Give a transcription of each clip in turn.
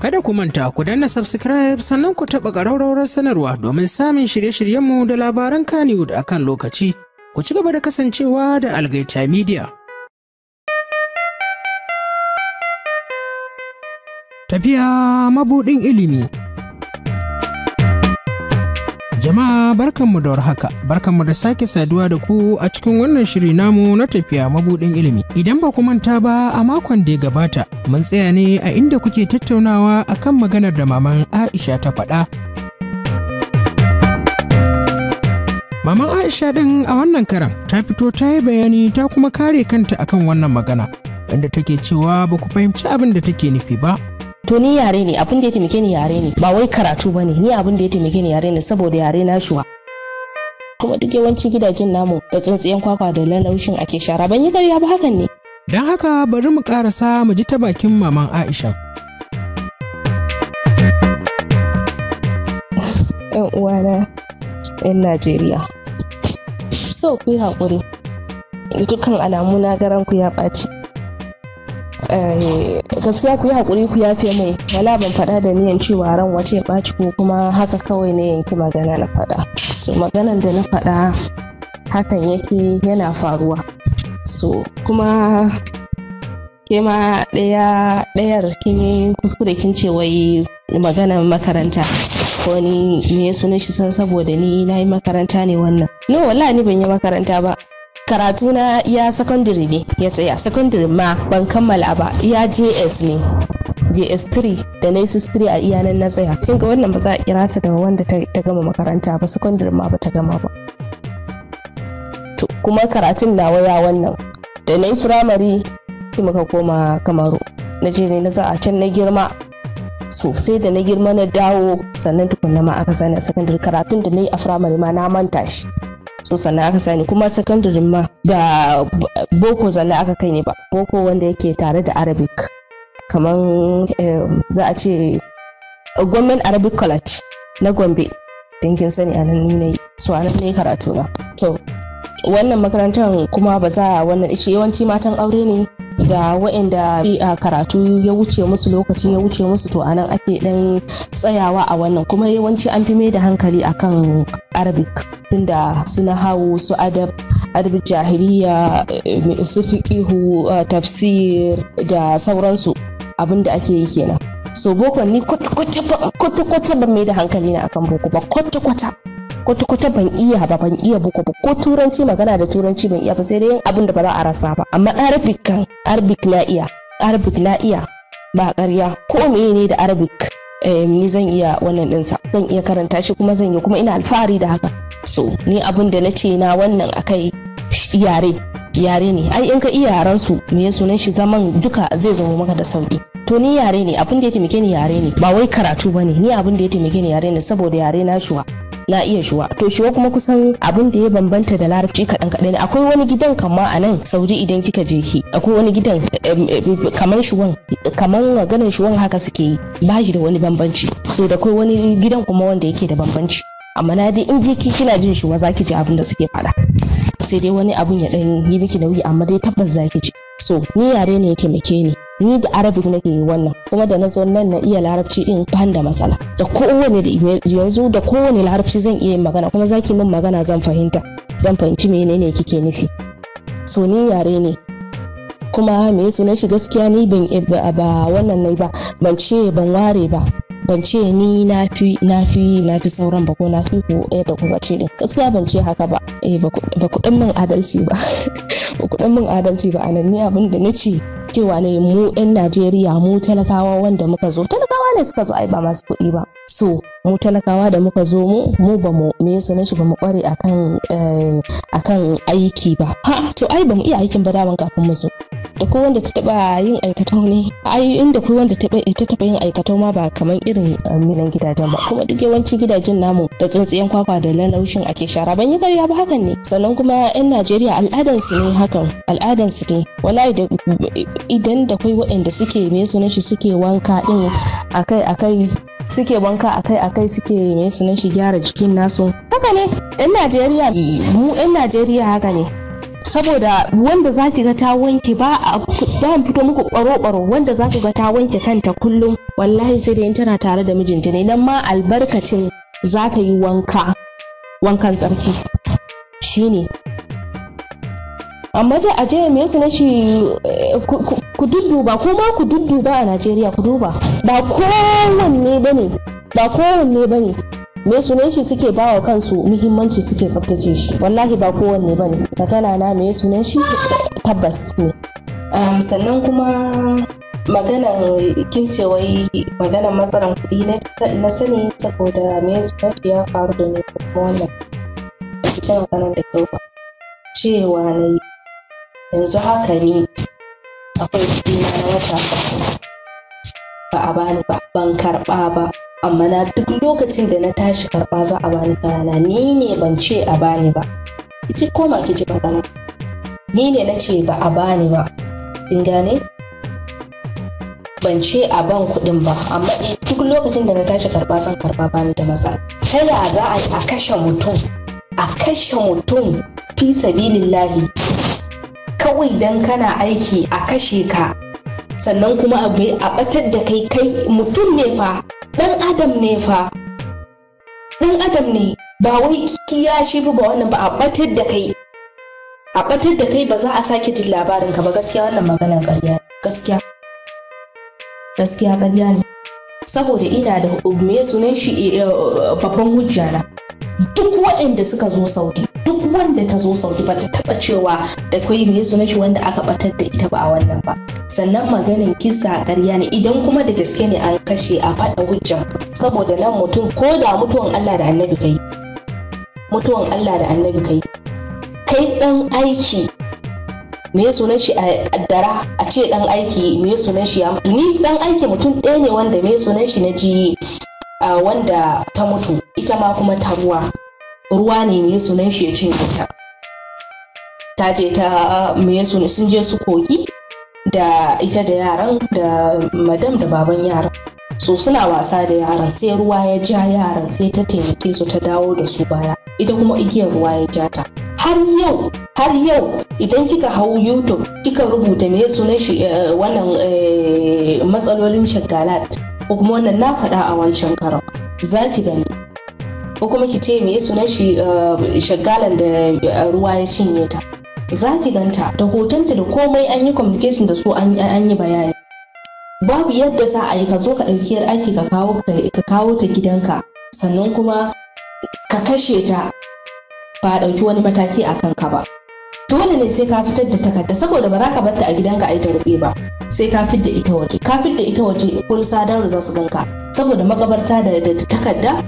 Kada ku manta ku danna subscribe sannan ku taɓa ƙararrawar sanarwa domin samun shirye-shiryenmu da labaran Kannywood a kan lokaci. Ku ci gaba da kasancewa da Algaita Media. Tafiya mabuɗin ilimi. Jama'a barkanmu da warhaka, barkanmu da sake saduwa da ku a cikin wannan shiri namu na tafiya mabuɗin ilimi. Idan ba ku manta ba a makon da ya gabata, mun tsaya ne a inda kuke tattaunawa akan maganar da maman Aisha ta faɗa. Maman Aisha ɗin a wannan karan ta fito ta yi bayani ta kuma kare kanta akan wannan magana, inda take cewa ba ku fahimci abin da take nufi ba. to ni yare ne abin da ya taimake ni yare ne ba wai karatu ba ne ni abin da ya taimake ni yare ne saboda yare na shuwa kuma duk yawanci gidajen namu da tsintsiyan kwakwa da lalaushin ake shara ban yi karya ba hakan ne don haka bari mu karasa mu ji ta bakin maman aisha yan uwana yan najeriya so ku haƙuri dukkan alamu na garanku ya ɓaci Eh, gaskiya ku yi haƙuri ku yafe min wala ban faɗa da niyan cewa ran wace ɓaci ko kuma haka kawai ne yanki magana na faɗa so maganan da na faɗa hakan yake yana faruwa so kuma ke ma ɗaya ɗayar kin kuskure kin ce wai maganan makaranta ni me ya sunan shi san saboda ni na makaranta ne wannan no wala ni ban yi makaranta ba karatu na ya secondary ne ya tsaya secondary ma ban kammala ba ya js ne js3 da na 3 a iyanan na tsaya kin ga wannan ba za a kira ta da wanda ta gama makaranta ba secondary ma ba ta gama ba kuma karatun na waya wannan da na yi firamare sai muka koma kamaru na je ne na za a can na girma sosai da na girma na dawo sannan tukunna ma aka sani a secondary karatun da na yi a firamare ma na manta shi so sannan aka sani kuma secondary ma ba boko zalla aka kai ne ba boko wanda yake tare da arabic kamar eh, za a ce gwamnan arabic college na gombe dinkin sani a nan ne so a nan ne karatu na to wannan makarantar kuma ba za wannan ishe yawanci matan aure ne da waɗanda karatu ya wuce musu lokaci ya wuce musu to anan ake dan tsayawa a wannan kuma yawanci an fi mai da hankali akan arabic tunda suna hawo su adab adab jahiliya eh, su fiqihu eh, tafsir da sauransu abin da ake yi kenan so boko ni kwata-kwata ban mai da hankali na akan boko ba kwata-kwata kwata-kwata ban iya ba ban iya boko ba ko turanci magana da turanci ban iya ba sai dai yin abin da ba za a rasa ba amma arabic kan arabic na iya arabic na iya ba ƙarya ko mene ne da arabic Eh, ni zan iya wannan ɗinsa zan iya karanta shi kuma zan yi kuma ina alfahari da haka so ni abin da na ce na wannan akai yare yare ne ai in ka iya yaran su me sunan shi zaman duka zai zama maka da sauki to ni yare ne abin da ya taimake ni yare ne ba wai karatu bane ni abin da ya taimake ni yare ne saboda yare na shuwa na iya shuwa to shuwa kuma kusan abin da ya bambanta da larabci kaɗan kaɗan akwai wani gidan kama a nan saudi idan kika je ki akwai wani gidan kaman shuwan kamar maganar shuwan haka suke yi ba shi da wani bambanci so da akwai wani gidan kuma wanda yake da bambanci amma na dai in je ki kina jin shuwa za ki ji abin da suke faɗa sai dai wani abun ya ɗan yi miki nauyi amma dai tabbas za ki ji so ni yare ne ya taimake ni ni da arabic nake yi wannan kuma da na zo nan na iya larabci din ban da matsala da kowane yanzu da kowane larabci zan iya yin magana kuma zaki min magana zan fahimta zan fahimci menene kike nufi so ni yare ne kuma me na shi gaskiya ni ban ba wannan nai ba ban ce ban ware ba ban ce ni na fi na fi na fi sauran ba ko na fi ko eh da kuka ce din gaskiya ban ce haka ba eh ba kuɗin min adalci ba ba kuɗin min adalci ba anan ni abin da nace cewa ne mu 'yan najeriya mu talakawa wanda muka zo talakawa ne suka zo ai ba masu kuɗi ba so mu talakawa da muka zo mu mu ba mu me sunan shi ba mu kware akan eh, akan aiki ba ha to ai ba mu iya aikin ba daman kafin mu zo akwai wanda ta taba yin aikatau ne ai inda akwai wanda ta taba yin aikatau ma ba kamar irin ah, minan gidajen ba kuma duk yawanci gidajen namu da tsintsiyan kwakwa da lalaushin ake shara ban yi karya ba hakan ne sannan kuma yan Najeriya al'adan su ne hakan al'adan su ne wallahi da idan da kai waɗanda suke me su shi suke wanka din akai akai suke wanka akai akai suke me su shi gyara jikin nasu haka ne yan Najeriya mu yan Najeriya haka ne saboda wanda za ki ga ta wanke ba a fito muku ɓaro-ɓaro wanda za ku ga ta wanke kanta kullum wallahi sai da in tana tare da mijinta ne nan ma albarkacin za ta yi wanka wankan tsarki shine amma a je me yasa nashi eh, ku dudduba ko ma ku dudduba a Najeriya ku duba ba kowanne ba kowanne bane me shi suke bawa kansu muhimmanci suke tsaftace shi wallahi ba kowanne bane magana na me ne shi tabbas ne ah, sannan kuma maganan kin ce wai maganan matsalan kuɗi na sani saboda me su shi ya faru da ne kuma wannan ki ce maganan da kyau cewa ne yanzu haka ne akwai kuɗi na wata ba a bani ba ban karɓa ba amma na duk lokacin da na tashi karɓa za a bani kayana ni ne ban ce a bani ba kici koma kici magana ni ne na ce ba a bani ba kin gane ban ce a ban kuɗin ba amma eh, duk lokacin da na tashi karɓa zan karɓa bani da masa ta ya za a yi a kashe mutum a kashe mutum fi sabilillahi kawai dan kana aiki a kashe ka sannan kuma a batar da kai kai mutum ne fa Dan adam ne fa dan adam ne ba wai kiya shi ba ba wannan ba a batar da kai a batar da kai ba za a sake jin labarin ka ba gaskiya wannan maganar ƙarya gaskiya gaskiya ƙarya ne saboda ina da me sunan shi eh, eh, eh, babban hujja na duk waɗanda suka zo saudi duk wanda ta zo sauki ba ta taba cewa da kai me yaso shi wanda aka batar da ita ba a wannan ba sannan maganin kisa ƙarya ne idan kuma da gaske ne an kashe a faɗa hujja saboda nan mutum ko da mutuwan Allah da annabi kai mutuwan Allah da annabi kai kai dan aiki me yaso sunan shi a kaddara a ce dan aiki me yaso sunan shi ya mutu ni dan aiki mutum ɗaya ne wanda me yaso sunan shi na ji ah, wanda ta mutu ita ma kuma ta ruwa ruwa ne mai sunan shi ya cin ta ta je ta mai sunan sun je su kogi da ita da yaran da madam da baban yaran so suna wasa da yaran sai ruwa ya ja yaran sai ta taimake su ta dawo da su baya ita kuma igiyar ruwa ya ja ta har yau har yau idan kika hau youtube kika rubuta me sunan shi eh, wannan eh, matsalolin shagalat ko kuma wannan na faɗa a wancan karo za ki gani ko kuma ki ce me sunan shi eh, shagalan da eh, ruwa ya cinye ta za ki ganta da hotonta da komai an yi communication da su an yi bayani babu yadda za a yi ka zo ka ɗauki yar aiki ka kawo ka kawo ta gidanka sannan kuma ka kashe ta ba ɗauki wani mataki a kanka ba dole ne sai ka fitar da takarda saboda ba za ka bar a gidanka a yi ta ruɓe ba sai ka fit da ita waje ka fit da ita waje kun sadarwa za su ganka saboda magabarta da takarda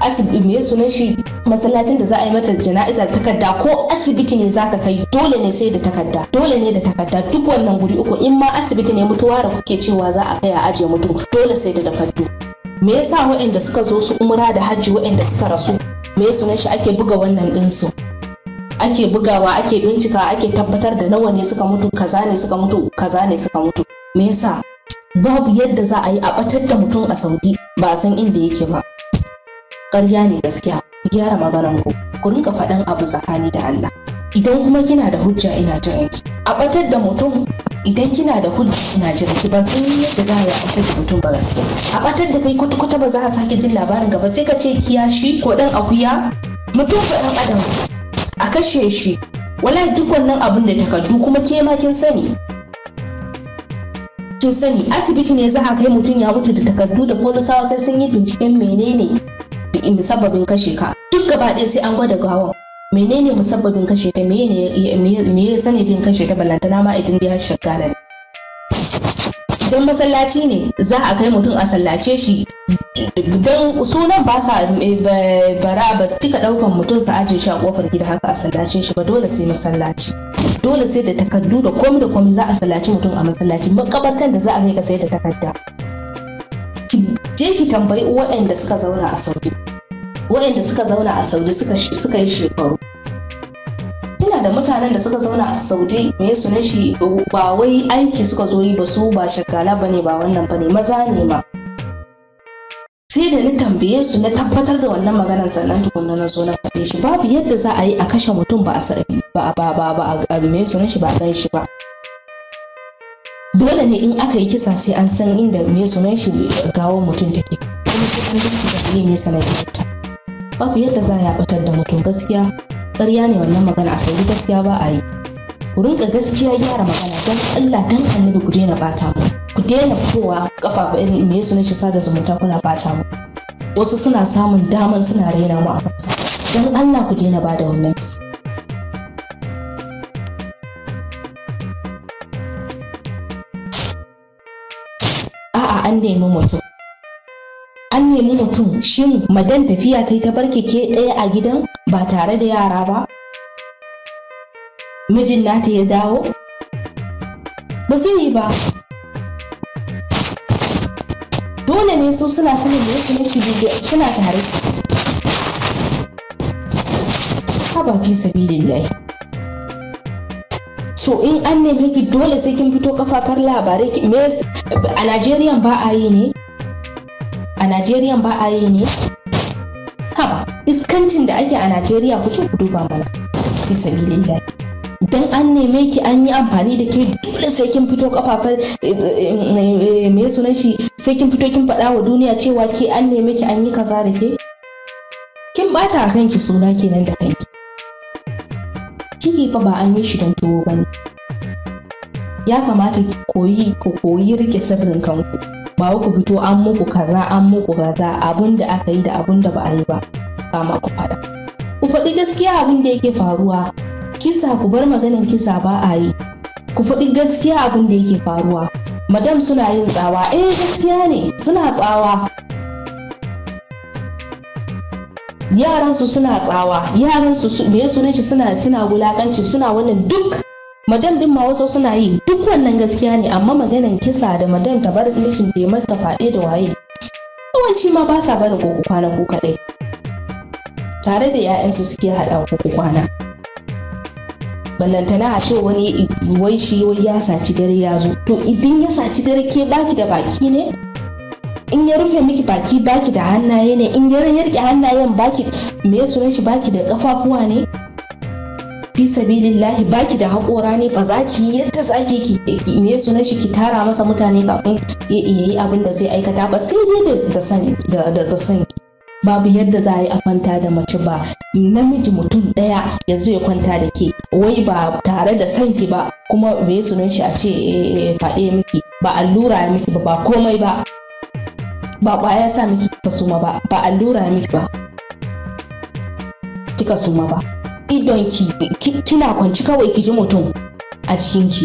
asibiti me sunan shi masallacin da za a yi mata jana'izar takarda ko asibiti ne zaka kai dole ne sai da takarda dole ne da takarda duk wannan guri uku in ma asibiti ne mutuwa da kuke cewa za a kai a aje mutu dole sai da takardu me yasa waɗanda suka zo su umra da hajji waɗanda suka rasu me sunan shi ake buga wannan ɗinsu ake bugawa ake bincika ake tabbatar da nawa ne suka mutu kaza ne suka mutu kaza ne suka mutu me yasa babu yadda za a yi a batar da mutum a saudi ba san inda yake ba ƙarya ne gaskiya gyara maganan ku ku rinka faɗan abu tsakani da Allah idan kuma kina da hujja ina jiran ki a ɓatar da mutum idan kina da hujja ina jiran ki ban san yadda za a yi a ɓatar da mutum ba gaskiya a ɓatar da kai kwata-kwata ba za a sake jin labarin gaba sai ka ce kiyashi ko ɗan akuya mutum fa ɗan adam a kashe shi wala duk wannan abin da takardu kuma ke ma kin sani kin sani asibiti ne za a kai mutum ya mutu da takardu da polisawa sai sun yi binciken menene musabbabin kashe ka duk gaba ɗaya sai an gwada gawan menene musabbabin kashe ka menene me ya sani din kashe ka balantana ma idan ya shiga da idan masallaci ne za a kai mutum a sallace shi don sunan ba sa eh, bara ba su cika ɗaukar mutum su aje shi a kofar gida haka a sallace shi ba dole sai masallaci dole sai da takardu da komi da komi za a sallaci mutum a masallaci makabartar da za a kai ka sai da takarda je ki tambayi waɗanda suka zauna a saudi waɗanda suka zauna a saudi suka yi shekaru ina da mutanen da suka zauna a saudi me su na shi ba wai aiki suka zo yi ba su ba shakala ba ba wannan ba maza ne ma sai da ni tambaye su na tabbatar da wannan maganar sannan tukunna na zo na faɗe shi babu yadda za a yi a kashe mutum ba a ba ba ba a game shi ba a gan shi ba dole ne in aka yi kisa sai an san inda me sunan shi gawo mutum take kuma sai an da ne me ita babu yadda za a batar da mutum gaskiya ƙarya ne wannan magana a sauri gaskiya ba a yi ku rinka gaskiya gyara magana don Allah dan annabi ku daina bata mu ku daina fitowa kafa irin me sunan shi sada zumunta kuna bata mu wasu suna samun daman suna raina mu a kansa don Allah ku daina bada wannan gaskiya an nemi mutum an nemi mutum shin madan tafiya ta yi ta barke ke ɗaya a gidan ba tare da yara ba mijin nata ya dawo ba zai yi ba dole ne su suna sanin da yake shi bidiyo suna tare ba fi sabilillahi so in an nemi ki dole sai kin fito kafafar labarai me a Najeriya ba a yi ne a Najeriya ba a yi ne haba iskancin da ake a Najeriya fito ku duba mana fi sabilillahi dan an neme ki an yi amfani da ke dole sai kin fito kafafar eh, eh, me sunan shi sai kin fito kin faɗa wa duniya cewa ke an neme ki an yi kaza da ke kin bata kanki suna kenan da kanki ciki fa ba an yi shi don tuwo ba ne ya kamata ki koyi ku koyi rike sirrin kanku ba ku fito an muku kaza an muku kaza abun da aka yi da abun da ba a yi ba kama ku faɗa ku faɗi gaskiya abin da yake faruwa kisa ku bar maganin kisa ba a yi ku faɗi gaskiya abin da yake faruwa madam suna yin tsawa eh gaskiya ne suna tsawa yaransu suna tsawa yaransu me shi suna suna wulakanci suna wannan duk madam din ma wasu suna yi duk wannan gaskiya ne amma maganan kisa da madam ta bar mijin da mata faɗe da waye yawanci ma ba sa bar koko kwana ko kaɗai tare da 'ya'yansu suke haɗa koko kwana ballantana a ce wani wai shi wai ya saci dare ya zo to idan ya saci dare ke baki da baki ne in ya rufe miki baki baki da hannaye ne in ya rike hannayen baki me ya shi baki da kafafuwa ne fi sabilillahi baki da haƙora ne ba za ki yadda za ki me shi ki tara masa mutane kafin ya yi abin da zai aikata ba sai ne da sani da sani babu yadda za a yi a kwanta da mace ba namiji mutum daya ya zo ya kwanta da ke wai ba tare da sanki ba kuma me sunan shi a ce eh, eh, eh, faɗe miki ba allura miki ba ba komai ba ba ya sa miki kika suma ba ba allura miki ba kika suma ba idon ki kina kwanci kawai ki ji mutum a cikin ki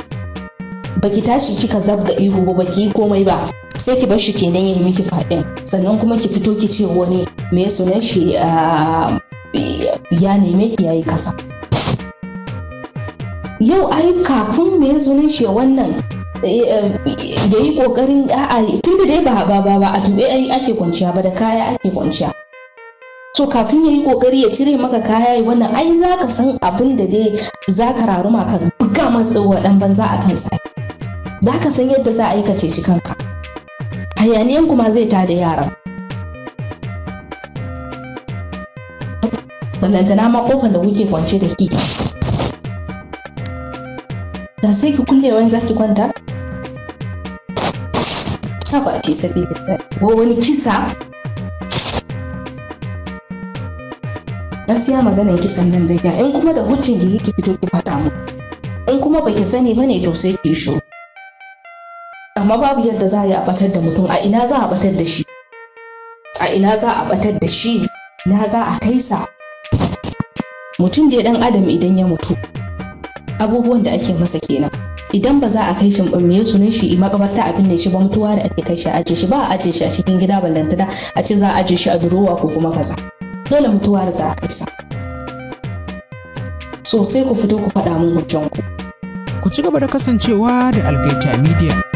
baki tashi kika zabga ihu ba baki yi komai ba sai ki bar shi kenan ya miki fadin sannan kuma ki fito ki ce wani me sunan shi ya neme ki yayi kasa yau ai kafin me sunan shi wannan Eh, eh, ya yi kokarin a'a tun da dai ba ba ba a tube ake kwanciya ba da kaya ake kwanciya so kafin ya yi kokari ya cire maka kaya wannan ai za ka san abin da dai za ka raruma ka buga matsa waɗan banza a kansa za ka san yadda za a yi ka kanka hayaniyan kuma zai tada yaran lantana ma kofar da kuke kwance da ki da sai ki kulle wani zaki kwanta ta ba fi sabi ko wani kisa gaskiya maganin kisan nan da in kuma da hujjin da yake fito ki faɗa mu in kuma baki sani ba ne, to sai ki shiru amma babu yadda za a yi a batar da mutum a ina za a batar da shi a ina za a batar da shi na za a kai sa mutum da dan adam idan ya mutu abubuwan da ake masa kenan idan ba za a kai shi me sunan shi makabarta abin da shi ba mutuwa da ake kai shi a aje shi ba a aje shi a cikin gida ballantana a ce za a aje shi a durowa ko kuma kaza dole mutuwa da za a kai sa Sosai ku fito ku faɗa mun hujjan ku ci gaba da kasancewa da algaita media